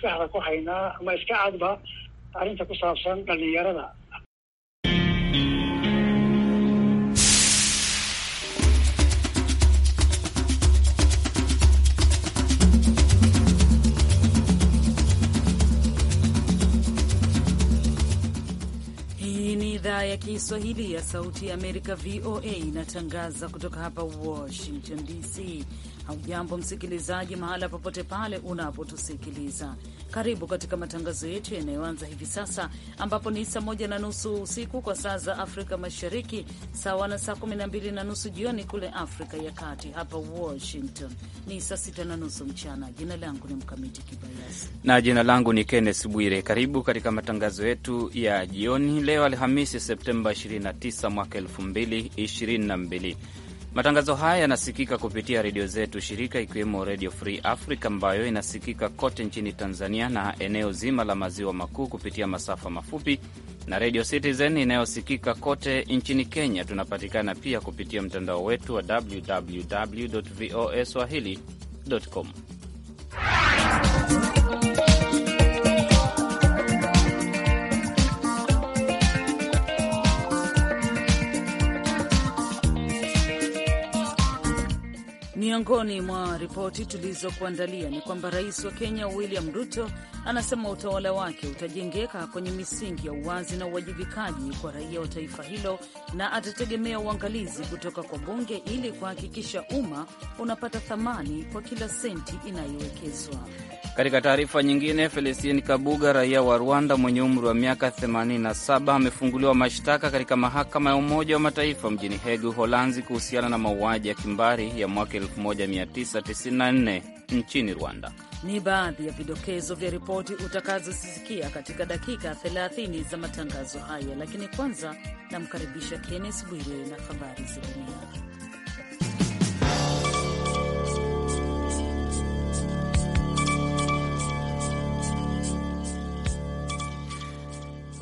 dhexda ku haynaa ama iska cadba arrinta ku saabsan dhallinyarada ni idhaa ya Kiswahili ya Sauti ya Amerika, VOA, inatangaza kutoka hapa Washington DC. Haujambo msikilizaji, mahala popote pale unapotusikiliza, karibu katika matangazo yetu yanayoanza hivi sasa, ambapo ni saa moja na nusu usiku kwa saa za Afrika Mashariki, sawa na saa kumi na mbili na nusu jioni kule Afrika ya Kati. Hapa Washington ni saa sita na nusu mchana. Jina langu ni Mkamiti Kibayasi na jina langu ni Kenneth Bwire. Karibu katika matangazo yetu ya jioni leo Alhamisi, Septemba 29 mwaka 2022. Matangazo haya yanasikika kupitia redio zetu shirika, ikiwemo Redio Free Africa ambayo inasikika kote nchini Tanzania na eneo zima la maziwa makuu kupitia masafa mafupi na Redio Citizen inayosikika kote nchini Kenya. Tunapatikana pia kupitia mtandao wetu wa www voa swahili.com. Miongoni mwa ripoti tulizokuandalia ni kwamba rais wa Kenya William Ruto anasema utawala wake utajengeka kwenye misingi ya uwazi na uwajibikaji kwa raia wa taifa hilo na atategemea uangalizi kutoka kwa bunge ili kuhakikisha umma unapata thamani kwa kila senti inayowekezwa. Katika taarifa nyingine, felestin Kabuga, raia wa Rwanda mwenye umri wa miaka 87, amefunguliwa mashtaka katika mahakama ya Umoja wa Mataifa mjini Hegu, Holanzi, kuhusiana na mauaji ya kimbari ya mwaka 1994 nchini Rwanda. Ni baadhi ya vidokezo vya ripoti utakazosikia katika dakika 30 za matangazo haya, lakini kwanza namkaribisha Kennes Bwire na habari za dunia.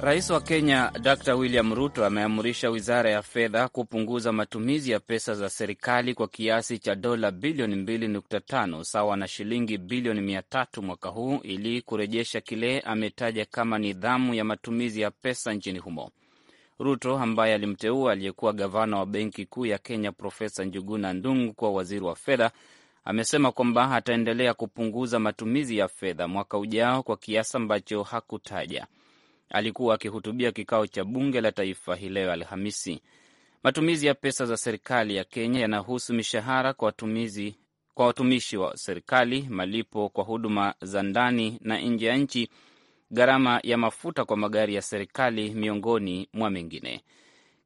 Rais wa Kenya Dr William Ruto ameamrisha wizara ya fedha kupunguza matumizi ya pesa za serikali kwa kiasi cha dola bilioni 2.5 sawa na shilingi bilioni 3 mwaka huu ili kurejesha kile ametaja kama nidhamu ya matumizi ya pesa nchini humo. Ruto ambaye alimteua aliyekuwa gavana wa Benki Kuu ya Kenya Profesa Njuguna Ndung'u kuwa waziri wa fedha amesema kwamba ataendelea kupunguza matumizi ya fedha mwaka ujao kwa kiasi ambacho hakutaja alikuwa akihutubia kikao cha bunge la taifa hii leo Alhamisi. Matumizi ya pesa za serikali ya Kenya yanahusu mishahara kwa watumizi kwa watumishi wa serikali, malipo kwa huduma za ndani na nje ya nchi, gharama ya mafuta kwa magari ya serikali, miongoni mwa mengine.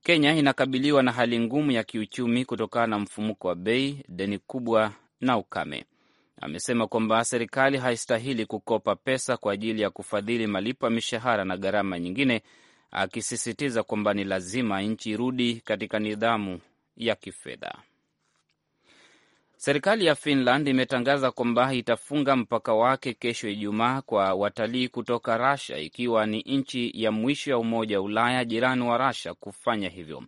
Kenya inakabiliwa na hali ngumu ya kiuchumi kutokana na mfumuko wa bei, deni kubwa na ukame amesema kwamba serikali haistahili kukopa pesa kwa ajili ya kufadhili malipo ya mishahara na gharama nyingine, akisisitiza kwamba ni lazima nchi irudi katika nidhamu ya kifedha. Serikali ya Finland imetangaza kwamba itafunga mpaka wake kesho Ijumaa kwa watalii kutoka Rasha, ikiwa ni nchi ya mwisho ya Umoja wa Ulaya jirani wa Rasha kufanya hivyo.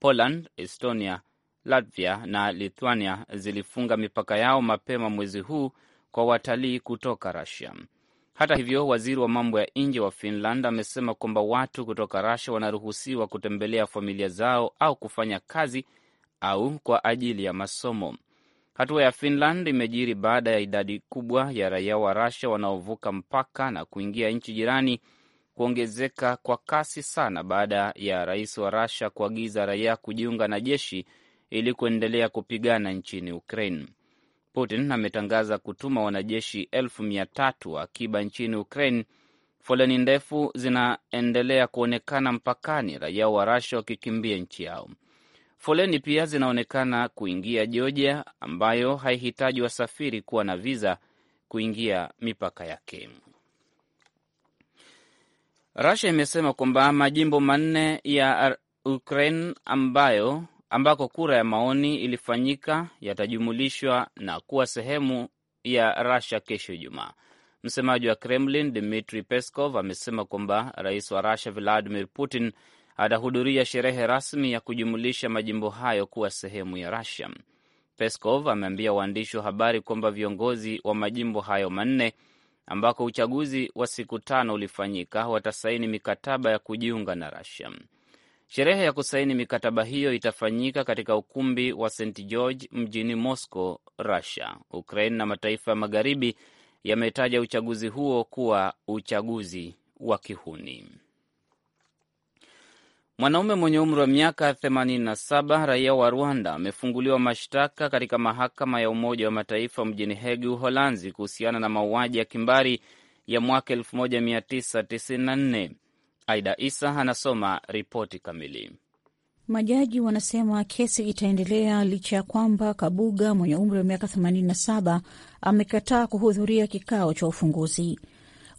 Poland, Estonia, Latvia na Lithuania zilifunga mipaka yao mapema mwezi huu kwa watalii kutoka Rusia. Hata hivyo, waziri wa mambo ya nje wa Finland amesema kwamba watu kutoka Rusia wanaruhusiwa kutembelea familia zao au kufanya kazi au kwa ajili ya masomo. Hatua ya Finland imejiri baada ya idadi kubwa ya raia wa Rusia wanaovuka mpaka na kuingia nchi jirani kuongezeka kwa kasi sana baada ya rais wa Rusia kuagiza raia kujiunga na jeshi ili kuendelea kupigana nchini Ukraine. Putin ametangaza kutuma wanajeshi elfu mia tatu akiba nchini Ukraine. Foleni ndefu zinaendelea kuonekana mpakani, raia wa Rasha wakikimbia nchi yao. Foleni pia zinaonekana kuingia Georgia, ambayo haihitaji wasafiri kuwa na viza kuingia mipaka yake. Rasia imesema kwamba majimbo manne ya Ukraine ambayo ambako kura ya maoni ilifanyika yatajumulishwa na kuwa sehemu ya Russia kesho Ijumaa. Msemaji wa Kremlin Dmitri Peskov amesema kwamba rais wa Russia Vladimir Putin atahudhuria sherehe rasmi ya kujumulisha majimbo hayo kuwa sehemu ya rasia Peskov ameambia waandishi wa habari kwamba viongozi wa majimbo hayo manne ambako uchaguzi wa siku tano ulifanyika watasaini mikataba ya kujiunga na rasia Sherehe ya kusaini mikataba hiyo itafanyika katika ukumbi wa St George mjini Moscow, Russia. Ukraine na mataifa ya magharibi yametaja uchaguzi huo kuwa uchaguzi wa kihuni. Mwanaume mwenye umri wa miaka 87 raia wa Rwanda amefunguliwa mashtaka katika mahakama ya Umoja wa Mataifa mjini Hegi, Uholanzi, kuhusiana na mauaji ya kimbari ya mwaka 1994. Aida Isa anasoma ripoti kamili. Majaji wanasema kesi itaendelea licha ya kwamba Kabuga mwenye umri wa miaka 87 amekataa kuhudhuria kikao cha ufunguzi.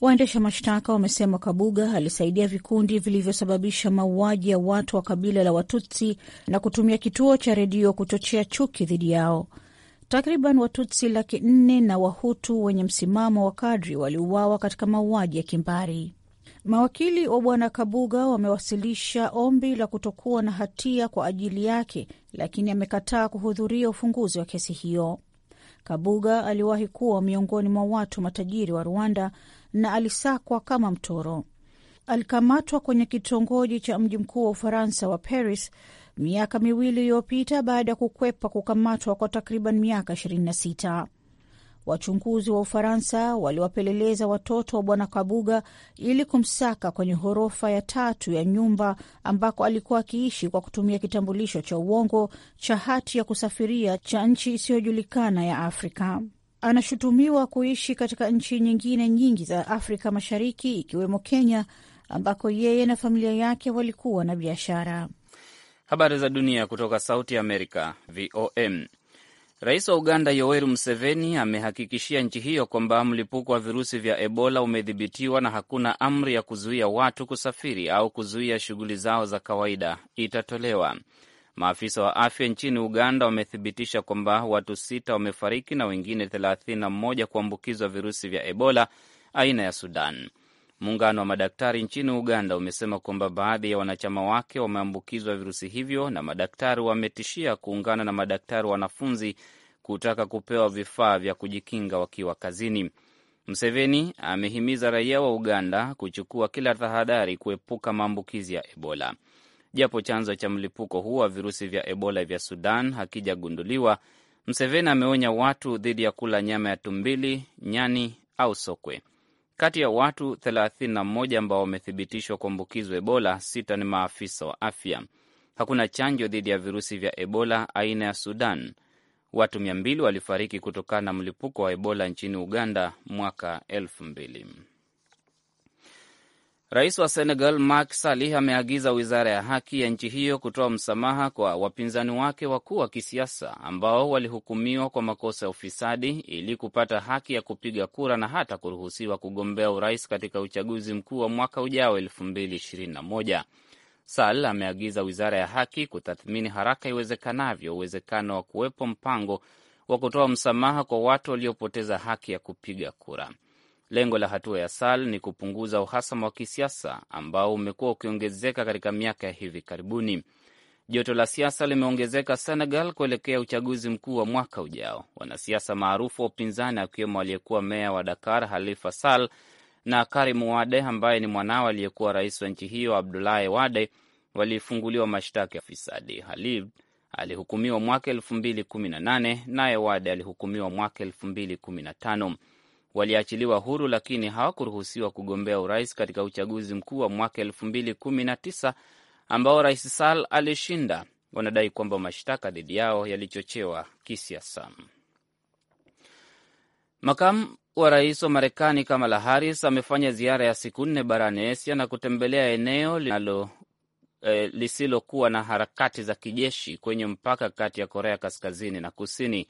Waendesha mashtaka wamesema Kabuga alisaidia vikundi vilivyosababisha mauaji ya watu wa kabila la Watutsi na kutumia kituo cha redio kuchochea chuki dhidi yao. Takriban Watutsi laki nne na Wahutu wenye msimamo wa kadri waliuawa katika mauaji ya kimbari. Mawakili wa bwana Kabuga wamewasilisha ombi la kutokuwa na hatia kwa ajili yake, lakini amekataa kuhudhuria ufunguzi wa kesi hiyo. Kabuga aliwahi kuwa miongoni mwa watu matajiri wa Rwanda na alisakwa kama mtoro. Alikamatwa kwenye kitongoji cha mji mkuu wa Ufaransa wa Paris miaka miwili iliyopita baada ya kukwepa kukamatwa kwa takriban miaka sita wachunguzi wa Ufaransa waliwapeleleza watoto wa Bwana Kabuga ili kumsaka kwenye ghorofa ya tatu ya nyumba ambako alikuwa akiishi kwa kutumia kitambulisho cha uongo cha hati ya kusafiria cha nchi isiyojulikana ya Afrika. Anashutumiwa kuishi katika nchi nyingine nyingi za Afrika Mashariki ikiwemo Kenya ambako yeye na familia yake walikuwa na biashara. Habari za dunia kutoka Sauti ya Amerika, VOM. Rais wa Uganda Yoweri Museveni amehakikishia nchi hiyo kwamba mlipuko wa virusi vya Ebola umedhibitiwa na hakuna amri ya kuzuia watu kusafiri au kuzuia shughuli zao za kawaida itatolewa. Maafisa wa afya nchini Uganda wamethibitisha kwamba watu sita wamefariki na wengine 31 kuambukizwa virusi vya Ebola aina ya Sudan. Muungano wa madaktari nchini Uganda umesema kwamba baadhi ya wanachama wake wameambukizwa virusi hivyo, na madaktari wametishia kuungana na madaktari wanafunzi kutaka kupewa vifaa vya kujikinga wakiwa kazini. Mseveni amehimiza raia wa Uganda kuchukua kila tahadhari kuepuka maambukizi ya Ebola. Japo chanzo cha mlipuko huu wa virusi vya Ebola vya Sudan hakijagunduliwa, Mseveni ameonya watu dhidi ya kula nyama ya tumbili, nyani au sokwe. Kati ya watu 31 ambao wamethibitishwa kuambukizwa Ebola, sita ni maafisa wa afya. Hakuna chanjo dhidi ya virusi vya Ebola aina ya Sudan. Watu 200 walifariki kutokana na mlipuko wa Ebola nchini Uganda mwaka 2000. Rais wa Senegal Macky Sall ameagiza wizara ya haki ya nchi hiyo kutoa msamaha kwa wapinzani wake wakuu wa kisiasa ambao walihukumiwa kwa makosa ya ufisadi ili kupata haki ya kupiga kura na hata kuruhusiwa kugombea urais katika uchaguzi mkuu wa mwaka ujao 2021. Sall ameagiza wizara ya haki kutathmini haraka iwezekanavyo uwezekano wa kuwepo mpango wa kutoa msamaha kwa watu waliopoteza haki ya kupiga kura. Lengo la hatua ya SAL ni kupunguza uhasama wa kisiasa ambao umekuwa ukiongezeka katika miaka ya hivi karibuni. Joto la siasa limeongezeka Senegal kuelekea uchaguzi mkuu wa mwaka ujao. Wanasiasa maarufu wa upinzani akiwemo aliyekuwa meya wa Dakar Halifa sal na Karim Wade ambaye ni mwanawe aliyekuwa rais wa nchi hiyo abdulahi Wade walifunguliwa mashtaka ya fisadi Halib alihukumiwa mwaka 218 naye Wade alihukumiwa mwaka 215 waliachiliwa huru lakini hawakuruhusiwa kugombea urais katika uchaguzi mkuu wa mwaka elfu mbili kumi na tisa ambao rais sal alishinda. Wanadai kwamba mashtaka dhidi yao yalichochewa kisiasa. Makamu wa rais wa Marekani Kamala Harris amefanya ziara ya siku nne barani Asia na kutembelea eneo linalo eh, lisilokuwa na harakati za kijeshi kwenye mpaka kati ya Korea Kaskazini na Kusini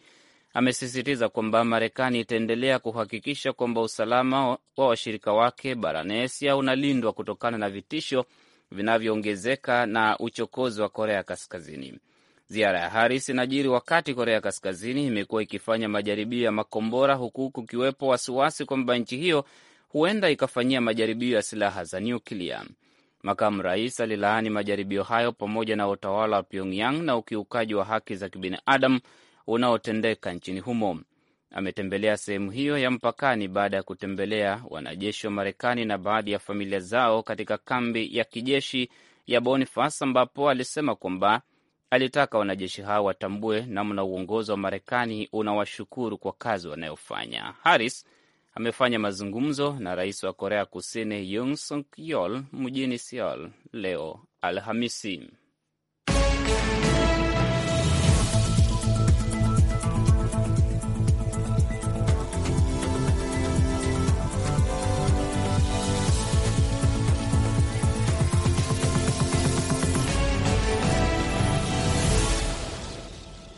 amesisitiza kwamba Marekani itaendelea kuhakikisha kwamba usalama wa washirika wake barani Asia unalindwa kutokana na vitisho vinavyoongezeka na uchokozi wa Korea Kaskazini. Ziara ya Haris inajiri wakati Korea Kaskazini imekuwa ikifanya majaribio ya makombora huku kukiwepo wasiwasi kwamba nchi hiyo huenda ikafanyia majaribio ya silaha za nyuklia. Makamu rais alilaani majaribio hayo pamoja na utawala wa Pyongyang na ukiukaji wa haki za kibinadamu unaotendeka nchini humo. Ametembelea sehemu hiyo ya mpakani baada ya kutembelea wanajeshi wa Marekani na baadhi ya familia zao katika kambi ya kijeshi ya Boniface, ambapo alisema kwamba alitaka wanajeshi hao watambue namna uongozi wa Marekani unawashukuru kwa kazi wanayofanya. Harris amefanya mazungumzo na rais wa Korea Kusini Yoon Suk Yeol mjini Seoul leo Alhamisi.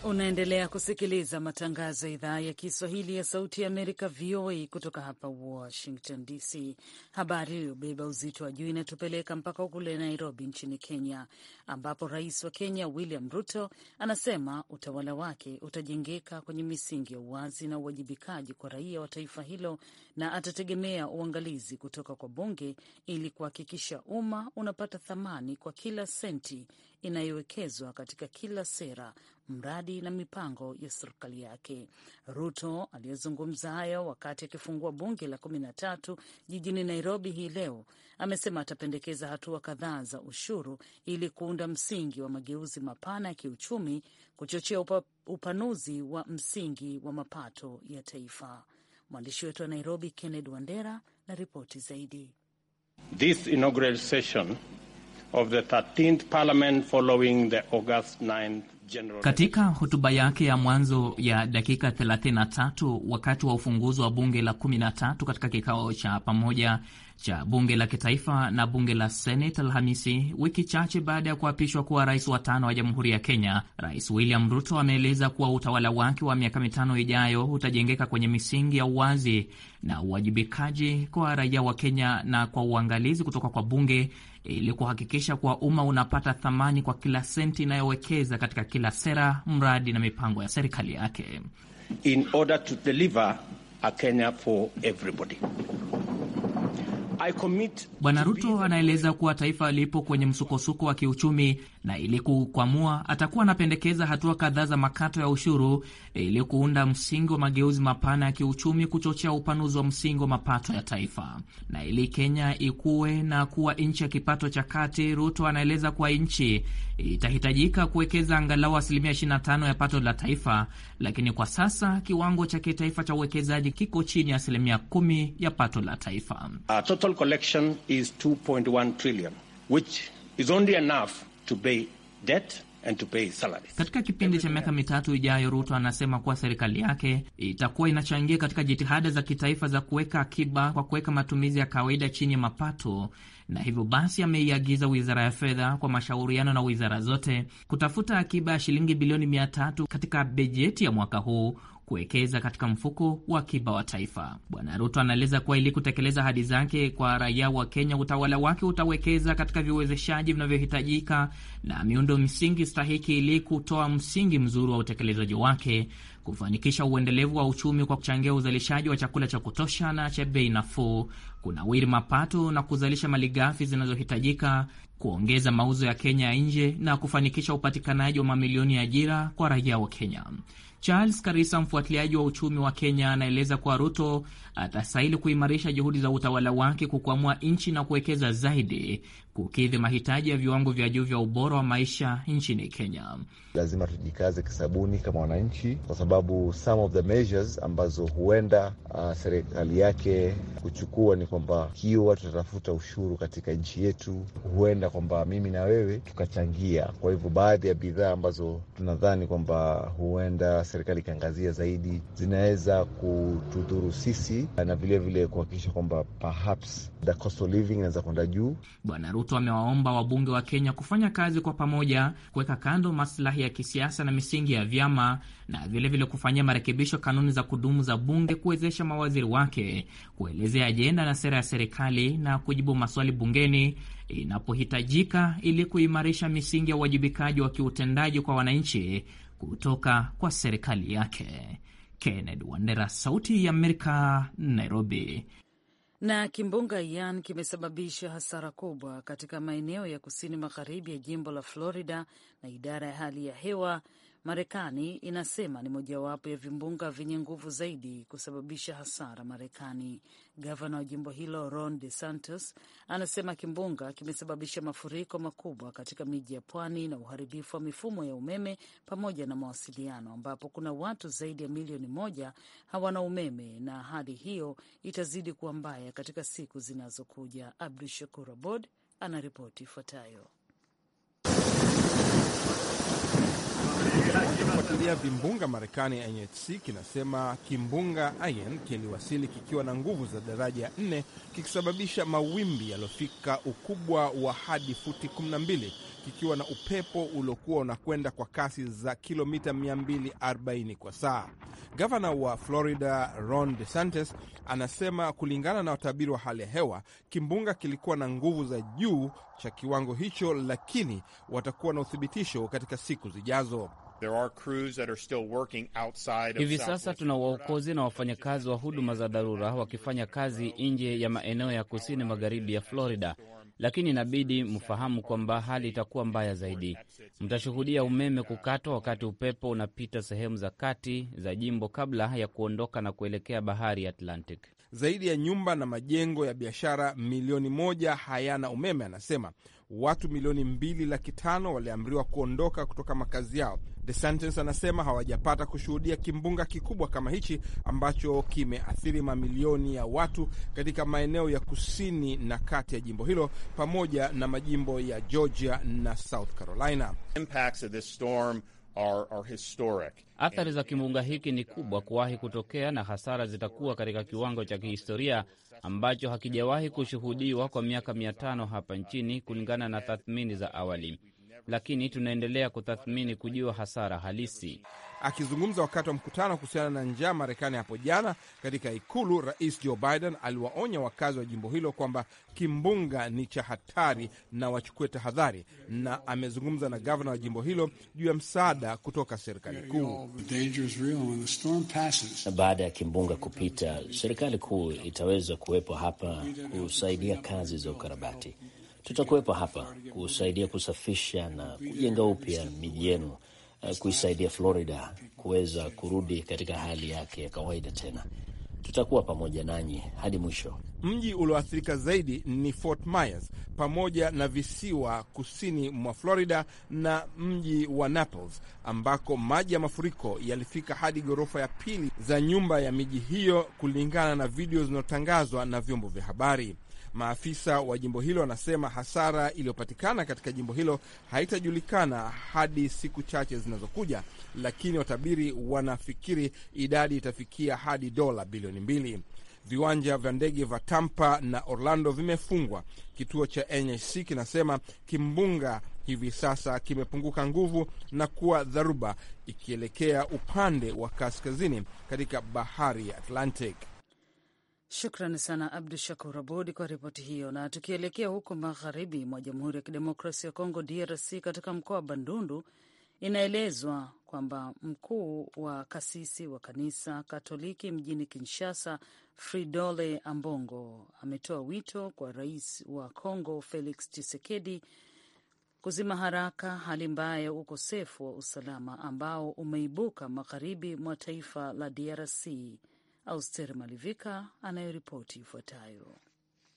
Unaendelea kusikiliza matangazo ya idhaa ya Kiswahili ya Sauti ya Amerika, VOA, kutoka hapa Washington DC. Habari iliyobeba uzito wa juu inatupeleka mpaka kule Nairobi nchini Kenya, ambapo rais wa Kenya William Ruto anasema utawala wake utajengeka kwenye misingi ya uwazi na uwajibikaji kwa raia wa taifa hilo na atategemea uangalizi kutoka kwa bunge ili kuhakikisha umma unapata thamani kwa kila senti inayowekezwa katika kila sera mradi na mipango ya serikali yake. Ruto aliyezungumza hayo wakati akifungua bunge la kumi na tatu jijini Nairobi hii leo amesema atapendekeza hatua kadhaa za ushuru ili kuunda msingi wa mageuzi mapana ya kiuchumi, kuchochea upa, upanuzi wa msingi wa mapato ya taifa. Mwandishi wetu wa Nairobi Kennedy Wandera na ripoti zaidi. This inaugural session of the 13th parliament following the August 9th katika hotuba yake ya mwanzo ya dakika 33 wakati wa ufunguzi wa bunge la 13 katika kikao cha pamoja cha bunge la kitaifa na bunge la Senate Alhamisi, wiki chache baada ya kuapishwa kuwa rais wa tano wa jamhuri ya Kenya, Rais William Ruto ameeleza kuwa utawala wake wa miaka mitano ijayo utajengeka kwenye misingi ya uwazi na uwajibikaji kwa raia wa Kenya na kwa uangalizi kutoka kwa bunge ili kuhakikisha kuwa umma unapata thamani kwa kila senti inayowekeza katika kila sera, mradi na mipango ya serikali yake. In order to deliver a Kenya for everybody. Bwana Ruto anaeleza kuwa taifa lipo kwenye msukosuko wa kiuchumi na ili kukwamua atakuwa anapendekeza hatua kadhaa za makato ya ushuru ili kuunda msingi wa mageuzi mapana ya kiuchumi, kuchochea upanuzi wa msingi wa mapato ya taifa. Na ili Kenya ikuwe na kuwa nchi ya kipato cha kati, Ruto anaeleza kuwa nchi itahitajika kuwekeza angalau asilimia 25 ya pato la taifa, lakini kwa sasa kiwango cha kitaifa cha uwekezaji kiko chini ya asilimia 10 ya pato la taifa. Uh, total collection is 2.1 trillion which is only enough to pay debt and to pay salaries. Katika kipindi cha miaka mitatu ijayo, Ruto anasema kuwa serikali yake itakuwa inachangia katika jitihada za kitaifa za kuweka akiba kwa kuweka matumizi ya kawaida chini ya mapato na hivyo basi ameiagiza wizara ya fedha kwa mashauriano na wizara zote kutafuta akiba ya shilingi bilioni mia tatu katika bajeti ya mwaka huu kuwekeza katika mfuko wa akiba wa taifa. Bwana Ruto anaeleza kuwa ili kutekeleza ahadi zake kwa raia wa Kenya, utawala wake utawekeza katika viwezeshaji vinavyohitajika na miundo msingi stahiki ili kutoa msingi mzuri wa utekelezaji wake, kufanikisha uendelevu wa uchumi kwa kuchangia uzalishaji wa chakula cha kutosha na cha bei nafuu, kunawiri mapato na kuzalisha malighafi zinazohitajika, kuongeza mauzo ya Kenya ya nje na kufanikisha upatikanaji wa mamilioni ya ajira kwa raia wa Kenya. Charles Karisa, mfuatiliaji wa uchumi wa Kenya, anaeleza kuwa Ruto atastahili kuimarisha juhudi za utawala wake kukwamua nchi na kuwekeza zaidi kukidhi mahitaji ya viwango vya juu vya ubora wa maisha nchini Kenya. Lazima tujikaze kisabuni kama wananchi, kwa sababu some of the measures ambazo huenda uh, serikali yake kuchukua ni kwamba ikiwa tutatafuta ushuru katika nchi yetu, huenda kwamba mimi na wewe tukachangia. Kwa hivyo baadhi ya bidhaa ambazo tunadhani kwamba huenda serikali ikiangazia zaidi zinaweza kutudhuru sisi, na vilevile kuhakikisha kwamba perhaps the cost of living inaweza kwenda juu. Bwana Ruto Ruto amewaomba wabunge wa Kenya kufanya kazi kwa pamoja kuweka kando maslahi ya kisiasa na misingi ya vyama na vilevile kufanyia marekebisho kanuni za kudumu za bunge kuwezesha mawaziri wake kuelezea ajenda na sera ya serikali na kujibu maswali bungeni inapohitajika ili kuimarisha misingi ya uwajibikaji wa kiutendaji kwa wananchi kutoka kwa serikali yake. Kennedy Wandera, Sauti ya Amerika, Nairobi na kimbunga Ian kimesababisha hasara kubwa katika maeneo ya kusini magharibi ya jimbo la Florida na idara ya hali ya hewa Marekani inasema ni mojawapo ya vimbunga vyenye nguvu zaidi kusababisha hasara Marekani. Gavana wa jimbo hilo Ron De Santos anasema kimbunga kimesababisha mafuriko makubwa katika miji ya pwani na uharibifu wa mifumo ya umeme pamoja na mawasiliano, ambapo kuna watu zaidi ya milioni moja hawana umeme na hali hiyo itazidi kuwa mbaya katika siku zinazokuja. Abdu Shakur Abod anaripoti ifuatayo. kufuatilia vimbunga Marekani. NHC kinasema kimbunga Ian kiliwasili kikiwa na nguvu za daraja ya nne kikisababisha mawimbi yaliyofika ukubwa wa hadi futi 12 kikiwa na upepo uliokuwa unakwenda kwa kasi za kilomita 240 kwa saa. Gavana wa Florida Ron DeSantis anasema kulingana na watabiri wa hali ya hewa, kimbunga kilikuwa na nguvu za juu cha kiwango hicho, lakini watakuwa na uthibitisho katika siku zijazo. Hivi sasa tuna waokozi na wafanyakazi wa huduma za dharura wakifanya kazi nje ya maeneo ya kusini magharibi ya Florida, lakini inabidi mfahamu kwamba hali itakuwa mbaya zaidi. Mtashuhudia umeme kukatwa wakati upepo unapita sehemu za kati za jimbo kabla ya kuondoka na kuelekea bahari Atlantic. Zaidi ya nyumba na majengo ya biashara milioni moja hayana umeme. Anasema watu milioni mbili laki tano waliamriwa kuondoka kutoka makazi yao. DeSantis anasema hawajapata kushuhudia kimbunga kikubwa kama hichi ambacho kimeathiri mamilioni ya watu katika maeneo ya kusini na kati ya jimbo hilo pamoja na majimbo ya Georgia na South Carolina. Impacts of this storm Athari za kimbunga hiki ni kubwa kuwahi kutokea na hasara zitakuwa katika kiwango cha kihistoria ambacho hakijawahi kushuhudiwa kwa miaka mia tano hapa nchini kulingana na tathmini za awali lakini tunaendelea kutathmini kujua hasara halisi. Akizungumza wakati wa mkutano kuhusiana na njaa Marekani hapo jana katika Ikulu, Rais Joe Biden aliwaonya wakazi wa jimbo hilo kwamba kimbunga ni cha hatari na wachukue tahadhari, na amezungumza na gavana wa jimbo hilo juu ya msaada kutoka serikali kuu. Baada ya kimbunga kupita, serikali kuu itaweza kuwepo hapa kusaidia kazi za ukarabati. Tutakuwepo hapa kusaidia kusafisha na kujenga upya miji yenu, eh, kuisaidia Florida kuweza kurudi katika hali yake ya kawaida tena. Tutakuwa pamoja nanyi hadi mwisho. Mji ulioathirika zaidi ni Fort Myers pamoja na visiwa kusini mwa Florida na mji wa Naples, ambako maji ya mafuriko yalifika hadi ghorofa ya pili za nyumba ya miji hiyo, kulingana na video zinazotangazwa na vyombo vya habari. Maafisa wa jimbo hilo wanasema hasara iliyopatikana katika jimbo hilo haitajulikana hadi siku chache zinazokuja, lakini watabiri wanafikiri idadi itafikia hadi dola bilioni mbili. Viwanja vya ndege vya Tampa na Orlando vimefungwa. Kituo cha NHC kinasema kimbunga hivi sasa kimepunguka nguvu na kuwa dharuba ikielekea upande wa kaskazini katika bahari ya Atlantic. Shukran sana Abdu Shakur Abud kwa ripoti hiyo. Na tukielekea huko magharibi mwa Jamhuri ya Kidemokrasia ya Kongo, DRC, katika mkoa wa Bandundu, inaelezwa kwamba mkuu wa kasisi wa kanisa Katoliki mjini Kinshasa, Fridole Ambongo, ametoa wito kwa rais wa Kongo Felix Tshisekedi kuzima haraka hali mbaya ya ukosefu wa usalama ambao umeibuka magharibi mwa taifa la DRC. Auster Malivika anayoripoti ifuatayo.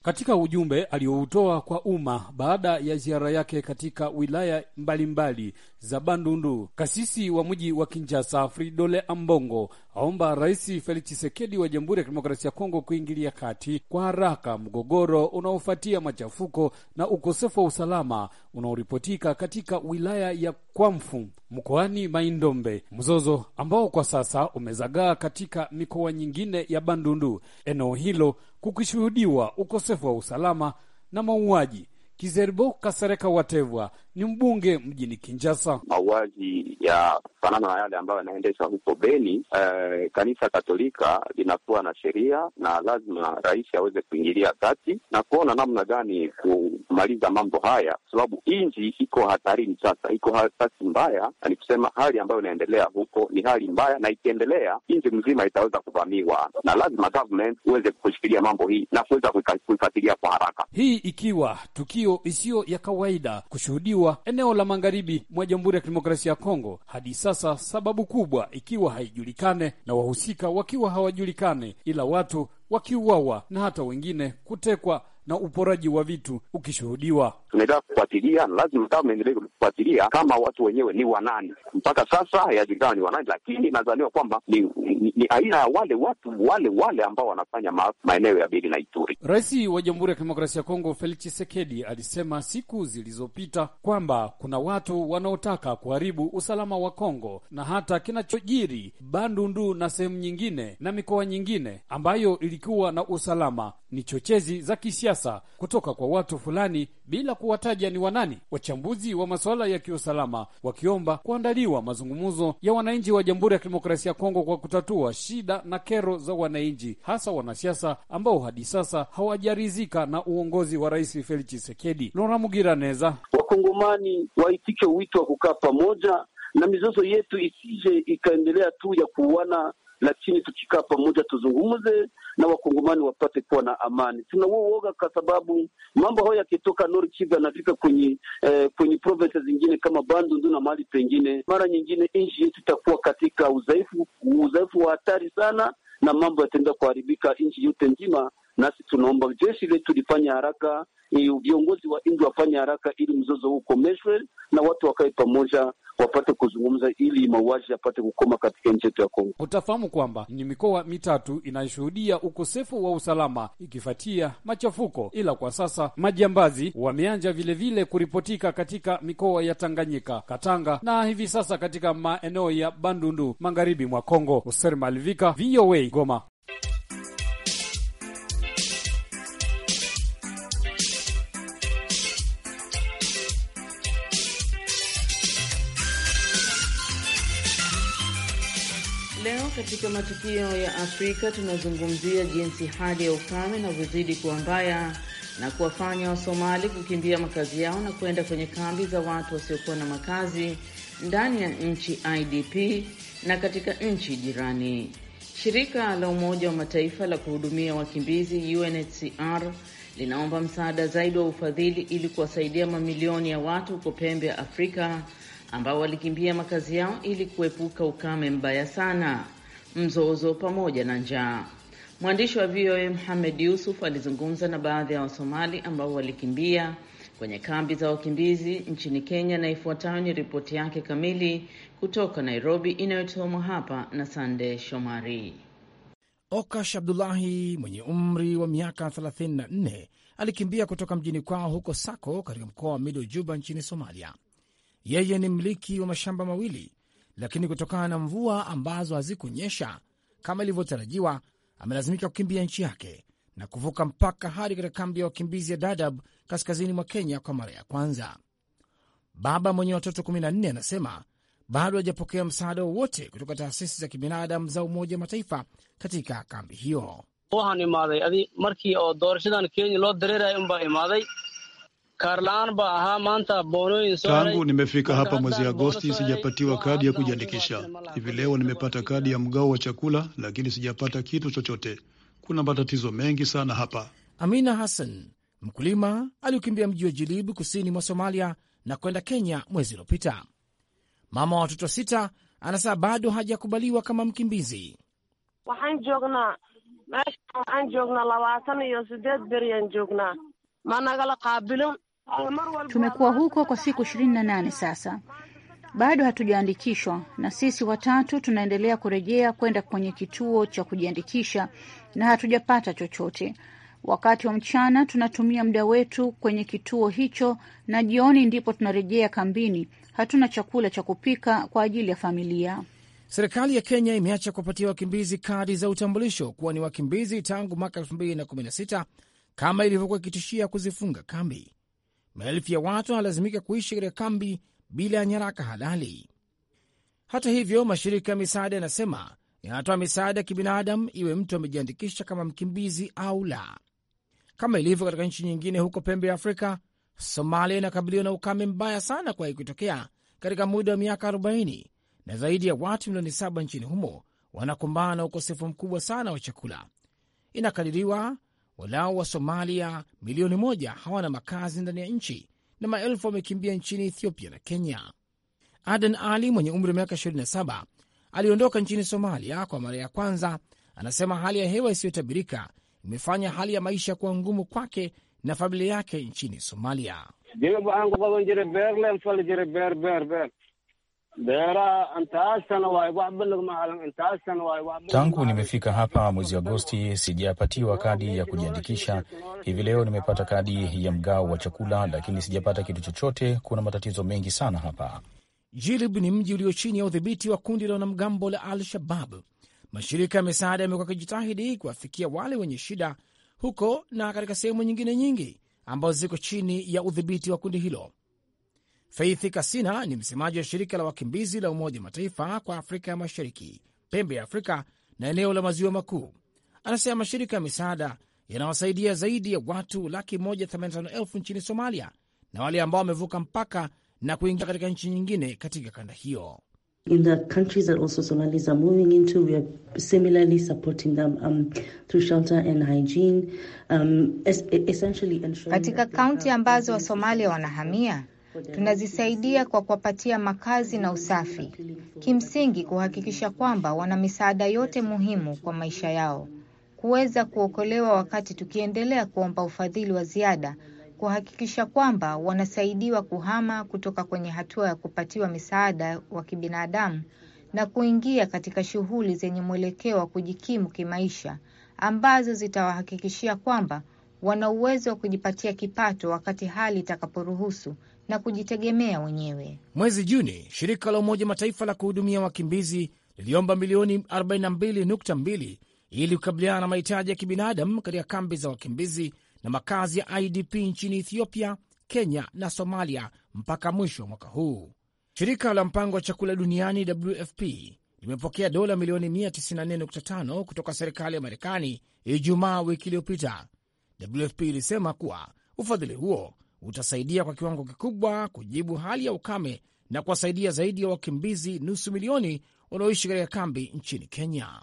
Katika ujumbe aliyoutoa kwa umma baada ya ziara yake katika wilaya mbalimbali mbali za Bandundu, kasisi wa mji wa Kinjasa Fridole Ambongo aomba Rais Felix chisekedi wa Jamhuri ya Kidemokrasia ya Kongo kuingilia kati kwa haraka mgogoro unaofuatia machafuko na ukosefu wa usalama unaoripotika katika wilaya ya Kwamfu mkoani Maindombe, mzozo ambao kwa sasa umezagaa katika mikoa nyingine ya Bandundu, eneo hilo kukishuhudiwa ukosefu wa usalama na mauaji. Kizeribo Kasereka Watevwa ni mbunge mjini Kinjasa. Mauaji ya fanana na yale ambayo yanaendeshwa huko Beni, eh, kanisa Katolika linakuwa na sheria na lazima rais aweze kuingilia kati na kuona namna gani kumaliza mambo haya, kwa sababu nchi iko hatarini sasa, iko hatari mbaya, na ni kusema hali ambayo inaendelea huko ni hali mbaya, na ikiendelea nchi mzima itaweza kuvamiwa, na lazima government uweze kushikilia mambo hii na kuweza kuifatilia kwa haraka, hii ikiwa tukio isiyo ya kawaida kushuhudiwa kufunguliwa eneo la magharibi mwa Jamhuri ya Kidemokrasia ya Kongo, hadi sasa sababu kubwa ikiwa haijulikane na wahusika wakiwa hawajulikane, ila watu wakiuawa na hata wengine kutekwa na uporaji wa vitu ukishuhudiwa. Tunaendelea kufuatilia, lazima kama endelee kufuatilia kama watu wenyewe ni wanani. Mpaka sasa hayajulikana ni wanani, lakini nadhaniwa kwamba ni, ni, ni aina ya wale watu wale wale ambao wanafanya ma, maeneo ya Beni na Ituri. Rais wa Jamhuri ya Kidemokrasia ya Kongo Felix Tshisekedi alisema siku zilizopita kwamba kuna watu wanaotaka kuharibu usalama wa Kongo na hata kinachojiri Bandundu na sehemu nyingine na mikoa nyingine ambayo ilikuwa na usalama ni chochezi za kisiasa kisiasa kutoka kwa watu fulani bila kuwataja ni wanani. Wachambuzi wa masuala ya kiusalama wakiomba kuandaliwa mazungumzo ya wananchi wa Jamhuri ya Kidemokrasia ya Kongo kwa kutatua shida na kero za wananchi, hasa wanasiasa ambao hadi sasa hawajarizika na uongozi wa Rais Felix Tshisekedi. Lora Mugiraneza: Wakongomani waitike wito wa kukaa pamoja na mizozo yetu isije ikaendelea tu ya kuuana lakini tukikaa pamoja tuzungumze na wakongomani wapate kuwa na amani. Tuna huo uoga kwa sababu mambo hayo yakitoka Nord Kivu yanafika kwenye eh, kwenye province zingine kama Bandundu na mahali pengine, mara nyingine nchi yetu itakuwa katika udhaifu, udhaifu wa hatari sana, na mambo yataenda kuharibika nchi yote nzima. Nasi tunaomba jeshi letu lifanye haraka, e, viongozi wa nchi wafanye haraka, ili mzozo huu ukomeshwe na watu wakae pamoja wapate kuzungumza ili mauaji yapate kukoma katika nchi yetu ya Kongo. Utafahamu kwamba ni mikoa mitatu inayoshuhudia ukosefu wa usalama ikifuatia machafuko, ila kwa sasa majambazi wameanja vilevile kuripotika katika mikoa ya Tanganyika, Katanga na hivi sasa katika maeneo ya Bandundu magharibi mwa Kongo. Hoser Malivika, VOA Goma. katika matukio ya Afrika tunazungumzia jinsi hali ya ukame inavyozidi kuwa mbaya na kuwafanya Wasomali kukimbia makazi yao na kwenda kwenye kambi za watu wasiokuwa na makazi ndani ya nchi IDP na katika nchi jirani. Shirika la Umoja wa Mataifa la kuhudumia wakimbizi UNHCR linaomba msaada zaidi wa ufadhili ili kuwasaidia mamilioni ya watu huko pembe ya Afrika ambao walikimbia makazi yao ili kuepuka ukame mbaya sana mzozo pamoja na njaa. Mwandishi wa VOA Muhamed Yusuf alizungumza na baadhi ya Wasomali ambao walikimbia kwenye kambi za wakimbizi nchini Kenya, na ifuatayo ni ripoti yake kamili kutoka Nairobi, inayosomwa hapa na Sande Shomari. Okash Abdulahi mwenye umri wa miaka 34 alikimbia kutoka mjini kwao huko Sako katika mkoa wa Mido Juba nchini Somalia. Yeye ni mmiliki wa mashamba mawili lakini kutokana na mvua ambazo hazikunyesha kama ilivyotarajiwa, amelazimika kukimbia nchi yake na kuvuka mpaka hadi katika kambi ya wakimbizi ya Dadaab kaskazini mwa Kenya kwa mara ya kwanza. Baba mwenye watoto 14 anasema bado hajapokea msaada wowote kutoka taasisi za kibinadamu za Umoja Mataifa katika kambi hiyo. Tangu nimefika hapa mwezi Agosti sijapatiwa kadi ya kujiandikisha. Hivi leo nimepata kadi ya mgao wa chakula, lakini sijapata kitu chochote. Kuna matatizo mengi sana hapa. Amina Hassan, mkulima aliyokimbia mji wa Jilib kusini mwa Somalia na kwenda Kenya mwezi uliopita. Mama wa watoto sita anasema bado hajakubaliwa kama mkimbizi. Waxaan joognaa meesha waxaan joognaa labaatan iyo sideed beryan joognaa managala qaabilin Tumekuwa huko kwa siku ishirini na nane sasa, bado hatujaandikishwa, na sisi watatu tunaendelea kurejea kwenda kwenye kituo cha kujiandikisha na hatujapata chochote. Wakati wa mchana tunatumia muda wetu kwenye kituo hicho, na jioni ndipo tunarejea kambini. Hatuna chakula cha kupika kwa ajili ya familia. Serikali ya Kenya imeacha kuwapatia wakimbizi kadi za utambulisho kuwa ni wakimbizi tangu mwaka 2016 kama ilivyokuwa ikitishia kuzifunga kambi maelfu ya watu wanalazimika kuishi katika kambi bila ya nyaraka halali. Hata hivyo, mashirika ya misaada yanasema yanatoa misaada ya kibinadamu, iwe mtu amejiandikisha kama mkimbizi au la. Kama ilivyo katika nchi nyingine huko pembe ya Afrika, Somalia inakabiliwa na ukame mbaya sana kwa ikitokea katika muda wa miaka 40 na zaidi ya watu milioni saba nchini humo wanakumbana na ukosefu mkubwa sana wa chakula. Inakadiriwa Walau wa Somalia milioni moja hawana makazi ndani ya nchi na maelfu wamekimbia nchini Ethiopia na Kenya. Aden Ali mwenye umri wa miaka 27 aliondoka nchini Somalia kwa mara ya kwanza. Anasema hali ya hewa isiyotabirika imefanya hali ya maisha kuwa ngumu kwake na familia yake nchini Somalia. Tangu nimefika hapa mwezi Agosti sijapatiwa kadi ya kujiandikisha. Hivi leo nimepata kadi ya mgao wa chakula, lakini sijapata kitu chochote. Kuna matatizo mengi sana hapa. Jilib ni mji ulio chini ya udhibiti wa kundi la wanamgambo la Al-Shabab. Mashirika ya misaada yamekuwa kijitahidi kuwafikia wale wenye shida huko na katika sehemu nyingine nyingi ambazo ziko chini ya udhibiti wa kundi hilo. Faith Kasina ni msemaji wa shirika la wakimbizi la Umoja wa Mataifa kwa Afrika ya Mashariki, pembe ya Afrika na eneo la maziwa makuu. Anasema mashirika ya misaada yanawasaidia zaidi ya watu laki 185 nchini Somalia na wale ambao wamevuka mpaka na kuingia katika nchi nyingine katika kanda hiyo. In the countries that also Somalis are moving into, we are similarly supporting them um, through shelter and hygiene, um, essentially ensuring. Katika kaunti ambazo Wasomalia wanahamia Tunazisaidia kwa kuwapatia makazi na usafi, kimsingi kuhakikisha kwamba wana misaada yote muhimu kwa maisha yao, kuweza kuokolewa, wakati tukiendelea kuomba ufadhili wa ziada kuhakikisha kwamba wanasaidiwa kuhama kutoka kwenye hatua ya kupatiwa misaada wa kibinadamu na kuingia katika shughuli zenye mwelekeo wa kujikimu kimaisha ambazo zitawahakikishia kwamba wana uwezo wa kujipatia kipato wakati hali itakaporuhusu na kujitegemea wenyewe. Mwezi Juni, shirika la Umoja Mataifa la kuhudumia wakimbizi liliomba milioni 42.2 ili kukabiliana na mahitaji ya kibinadamu katika kambi za wakimbizi na makazi ya IDP nchini Ethiopia, Kenya na Somalia mpaka mwisho wa mwaka huu. Shirika la mpango wa chakula duniani WFP limepokea dola milioni 194.5 kutoka serikali ya Marekani Ijumaa wiki iliyopita. WFP ilisema kuwa ufadhili huo utasaidia kwa kiwango kikubwa kujibu hali ya ukame na kuwasaidia zaidi ya wakimbizi nusu milioni wanaoishi katika kambi nchini Kenya.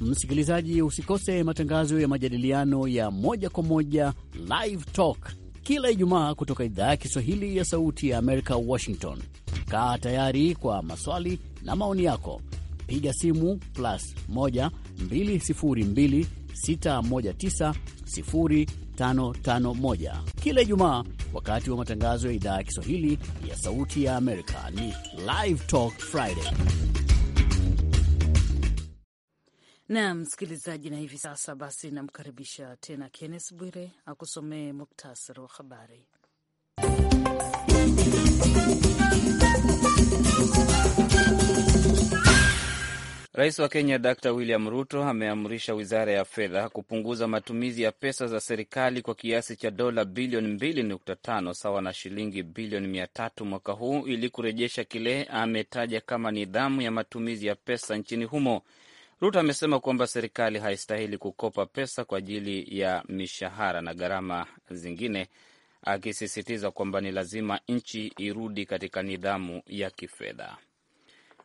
Msikilizaji, usikose matangazo ya majadiliano ya moja kwa moja Live Talk kila Ijumaa kutoka idhaa ya Kiswahili ya Sauti ya Amerika, Washington. Kaa tayari kwa maswali na maoni yako, piga simu plus 1 202 619 551 kila Ijumaa wakati wa matangazo ya idhaa ya Kiswahili ya Sauti ya Amerika. Ni Live Talk Friday. Naam msikilizaji, na hivi sasa basi namkaribisha tena Kennes Bwire akusomee muktasari wa habari. Rais wa Kenya Dr William Ruto ameamrisha wizara ya fedha kupunguza matumizi ya pesa za serikali kwa kiasi cha dola bilioni 2.5 sawa na shilingi bilioni 300 mwaka huu ili kurejesha kile ametaja kama nidhamu ya matumizi ya pesa nchini humo. Ruto amesema kwamba serikali haistahili kukopa pesa kwa ajili ya mishahara na gharama zingine, akisisitiza kwamba ni lazima nchi irudi katika nidhamu ya kifedha.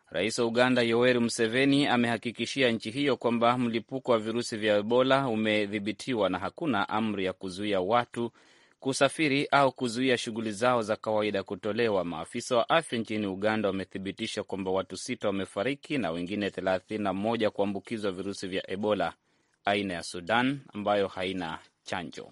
Rais wa Uganda Yoweri Museveni amehakikishia nchi hiyo kwamba mlipuko wa virusi vya Ebola umedhibitiwa na hakuna amri ya kuzuia watu kusafiri au kuzuia shughuli zao za kawaida kutolewa. Maafisa wa afya nchini Uganda wamethibitisha kwamba watu sita wamefariki na wengine 31 kuambukizwa virusi vya Ebola aina ya Sudan ambayo haina chanjo.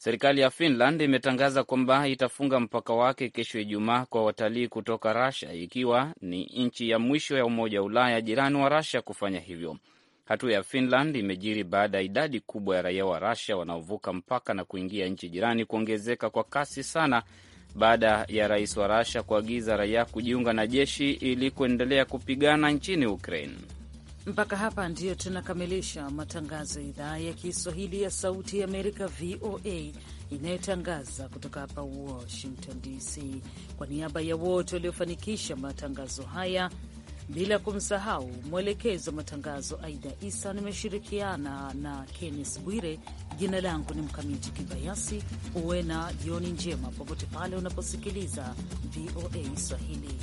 Serikali ya Finland imetangaza kwamba itafunga mpaka wake kesho Ijumaa kwa watalii kutoka Russia, ikiwa ni nchi ya mwisho ya Umoja wa Ulaya jirani wa Russia kufanya hivyo. Hatua ya Finland imejiri baada ya idadi kubwa ya raia wa Russia wanaovuka mpaka na kuingia nchi jirani kuongezeka kwa kasi sana baada ya rais wa Russia kuagiza raia kujiunga na jeshi ili kuendelea kupigana nchini Ukraine. Mpaka hapa ndiyo tunakamilisha matangazo ya idhaa ya Kiswahili ya Sauti ya Amerika, VOA, inayotangaza kutoka hapa Washington DC. Kwa niaba ya wote waliofanikisha matangazo haya, bila kumsahau mwelekezo wa matangazo Aida Isa, nimeshirikiana na Kennes Bwire. Jina langu ni Mkamiti Kibayasi. Uwe na jioni njema popote pale unaposikiliza VOA Swahili.